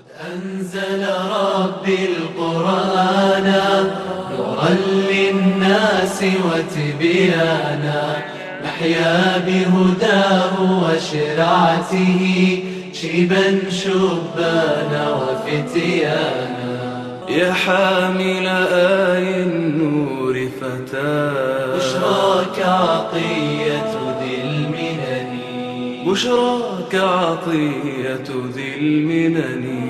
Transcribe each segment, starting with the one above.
قد أنزل ربي القرآن نورا للناس وتبيانا نحيا بهداه وشرعته شيبا شبانا وفتيانا يا حامل آي النور فتاة بشراك عطية ذي المنن بشراك عطية ذي المنن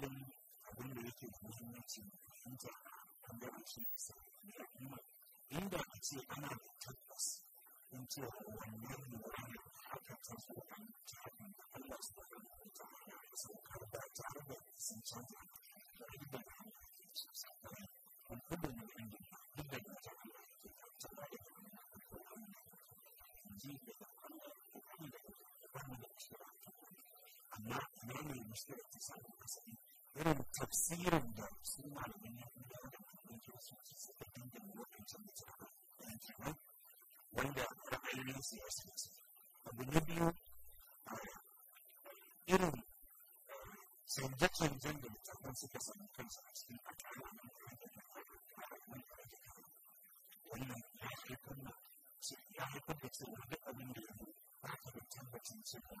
kullum abin da yake da muhimmanci fahimta ɓangaren shi ne sa inda a ce ana da irin tafsirin da su malamin ya kuma da mutunci su su suka dangane waɗancan da suka yanke ba wanda ne abu na biyu irin canje-canjen da littafin suka sami kansu a cikin al'adun wannan ya da cewa duk abin da ya zo ba ta da tabbacin cikin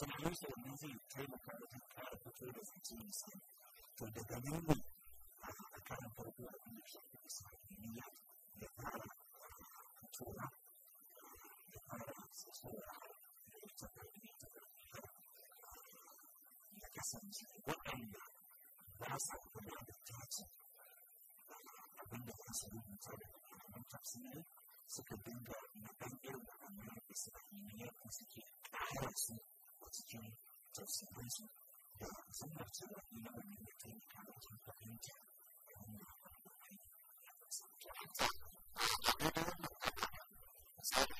sono luce e luci che la cara di cara perché la sentenza che da cammino la cara per la mia scelta di sanguinia la cara natura la cara sessuale la cara la casa di guarda la casa per la casa la benda la salute non capsine suka dinga na ɗan irin waɗannan da suka yi niyyar da suke ƙara su It's a dream. It's a series. It's only a two-minute video. And I'm to the track behind me, too. And I'm going to play I'm going to sing it. And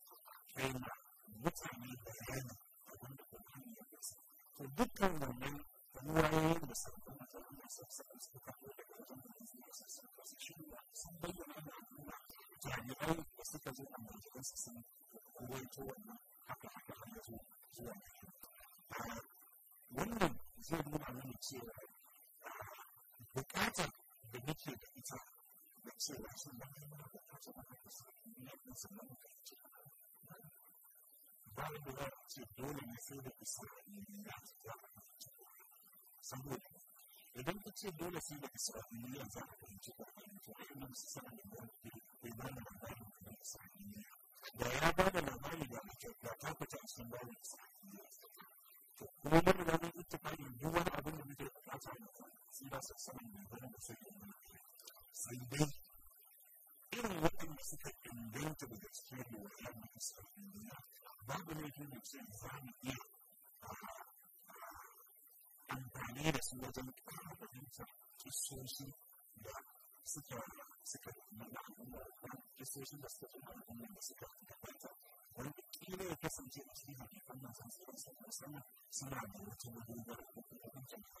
saboda idan ka ce dole sai da isra'iliya za a fahimci ƙwararren to a ilimin su sana da wani ke bai ba da labarin da isra'iliya da ya ba da labari da a kyau da ta fita a cikin bayan isra'iliya to kuma mun riga mun wani abin da muke bukata da su da su sana da wani da su ke mana sai dai irin waɗanda suka inganta daga cikin riwayar na isra'iliya babu ne da ce za mu iya いいですね、その、結晶し、世界、世界の中の結晶しますと、この世界の中で、これで綺麗な結晶し、批判に反応させるんでのが、その、さらに、うちの文化の国の文化に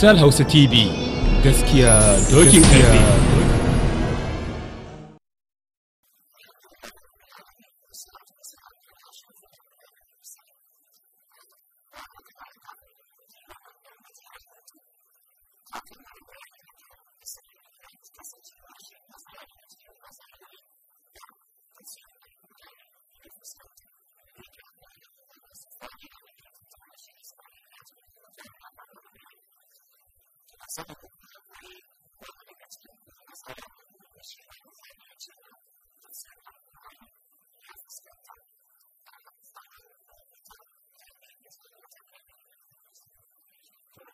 sal hausa tv gaskiya dokin karfe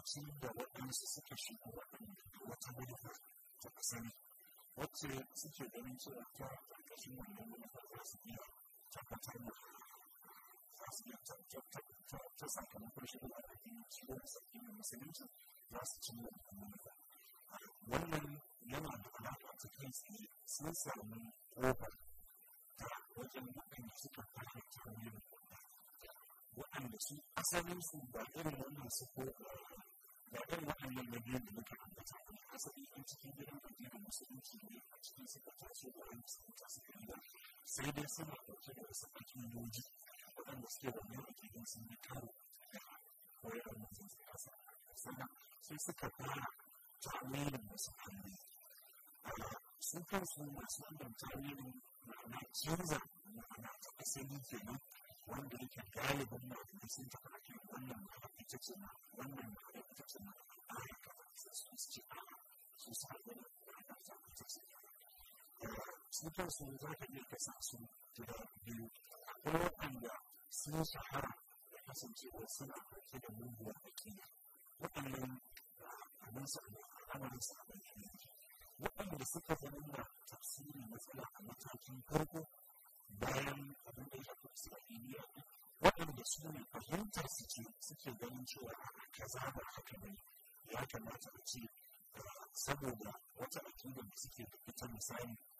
lokacin da waɗansu suka shiga wata manufar ta asali wacce suke ganin cewa ta ƙarƙashin wannan manufar su iya tabbatar da za ta sakamakon shi da addini shi da addinin musulunci za su ci wannan manufar 面对的可能的产生，它是一个基因的一个结合，是一个基因的一个基因是在在学过来的，是在是原来谁的思考的这个是它基因逻辑，我认为是我没有提供是一个看法，我也认为是这个是，所以呢，其实可能在内容的是很理，呃，实际是呢是一种在内容那那精神那那这个生理结构。wanda yake galibin na da sun taɓa ake wannan na da fitattu na wannan na da fitattu na su kansu za ka iya kasa su guda biyu akwai waɗanda sun shahara da kasancewa suna ɗauke da muguwar aƙida waɗannan ah, abin su al'amarin su abin waɗanda suka zama na tafsirin matsala a matakin farko bayan abin da ya shafi isra'iliya waɗanda su ne fahimtar su ce suke ganin cewa a kaza ba haka ne ya kamata a ce ah, saboda wata aƙidar da suke da ita misali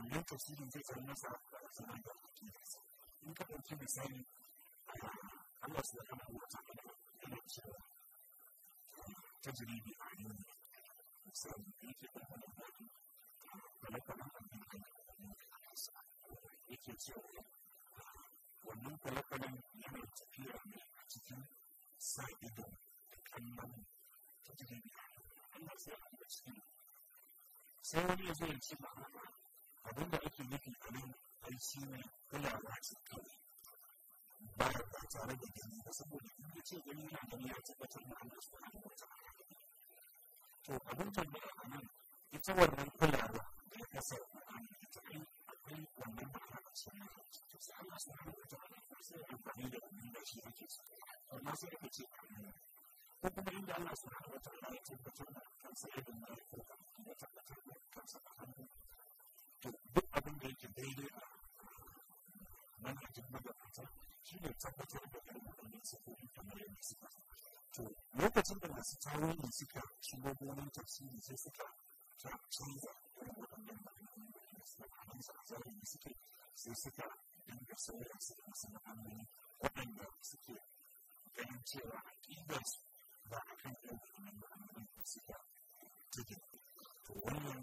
もっと CD でされましたら、その間に聞いてます。見方の準備さえ、あの、話がかなりちゃんと、あの、ちょっと、ちょっと意味があるように、そういう影響があるので、あなたの考え方を持ってください。影響しようよ。ومن خلقنا من كثيرا من الحجين سائد تكلم تجري بها الله سيعلم الشيء سيولي زي الشيء abin da ake nufi a nan ai shi ne kulawa ce kawai ba ba tare da gani ba saboda in ya ce gani yana gani ya tabbatar da Allah subhanahu wa ta'ala to abin tambaya a nan ita wannan kulawa da ya kasa ita ai akwai wannan ma'ana a cikin to sai Allah subhanahu wa ta'ala ko sai ya amfani da wannan da shi yake so amma sai aka ce ko kuma inda Allah subhanahu wa ta'ala ya tabbatar da kansa irin da ya tabbatar da kansa a hannun yake daidai a manhajin magabata shi ne tabbatar da ɗanɗanin sufuri kamar yadda suka to lokacin da masu tarihi suka shigo gonar tafsiri sai suka canza irin waɗannan maganganun da suka hannunsa a zahiri suke sai suka dinga sauya su da masu ma'amani waɗanda suke ganin cewa aƙidar ba a kan irin waɗannan ma'amanin suka take to wannan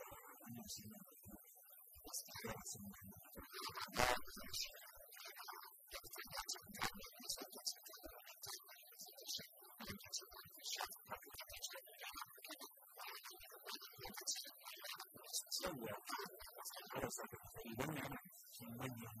Thank you hoc tempore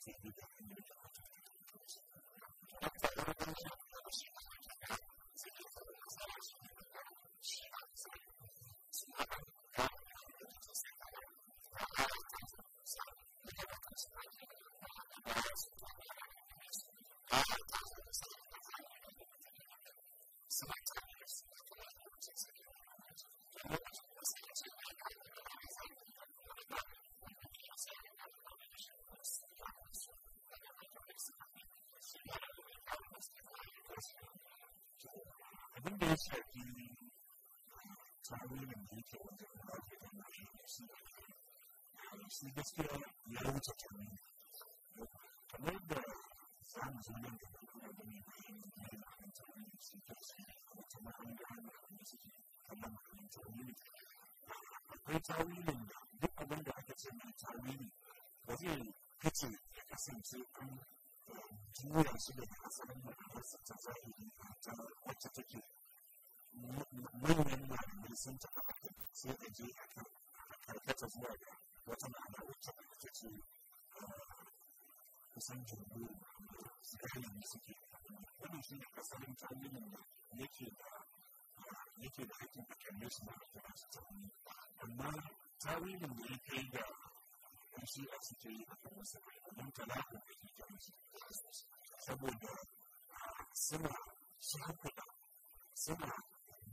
つなげてあげるんじゃないかと思います。abin da ya shafi tsarin da yake wajen da ake kan nashi su su gaskiya ya wuce kenan kamar da za mu zo da kuma da ne bayan da ya kan tsarin da su ke su wata ma'amalin da suke kallon ma'amalin tsarin akwai tawilin da duk abin da aka ce mai tawili ba zai kace ya kasance an juya su da bring them now and listen to how I can see what they do, how can how can catch us more We What's on that which I get to kusanci da buru su kayan da suke wannan shi ne asalin tarihin da yake da yake da aikin da kan yesu da ake masu tsauni amma tarihin da ya kai da yan shi'a suke yi a kan wasu mai domin talaka da ke kyan saboda suna shafuɗa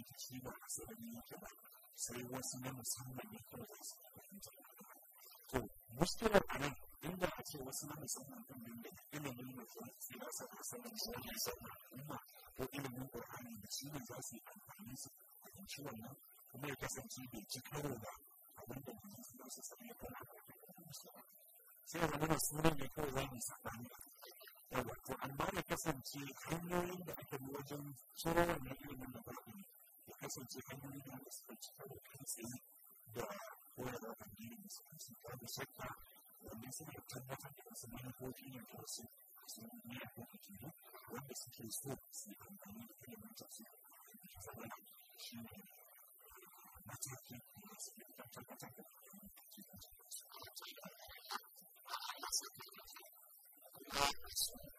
rikici ba a sarari sai wasu na musamman ne kawai za su fahimta to muskilar a nan inda a ce wasu na musamman ɗin nan da ilimin da za su yi sa a sanin shi ne sauran al'umma ko ilimin ƙur'ani da shi ne za su yi amfani su fahimci wannan kasance bai ci ba abin da mutum su su sami ya sai wani musulmi ne kawai za mu saɓani yawa to amma ya kasance hanyoyin da aka bi wajen tsoro wannan ilimin message that I'm going to do this first of this the where the sector. And this is a 10 different and 14 and also so we have what we is to use focus and I need uh, to think about it too. Because of a doctor, but I to do that. I'm not to do that.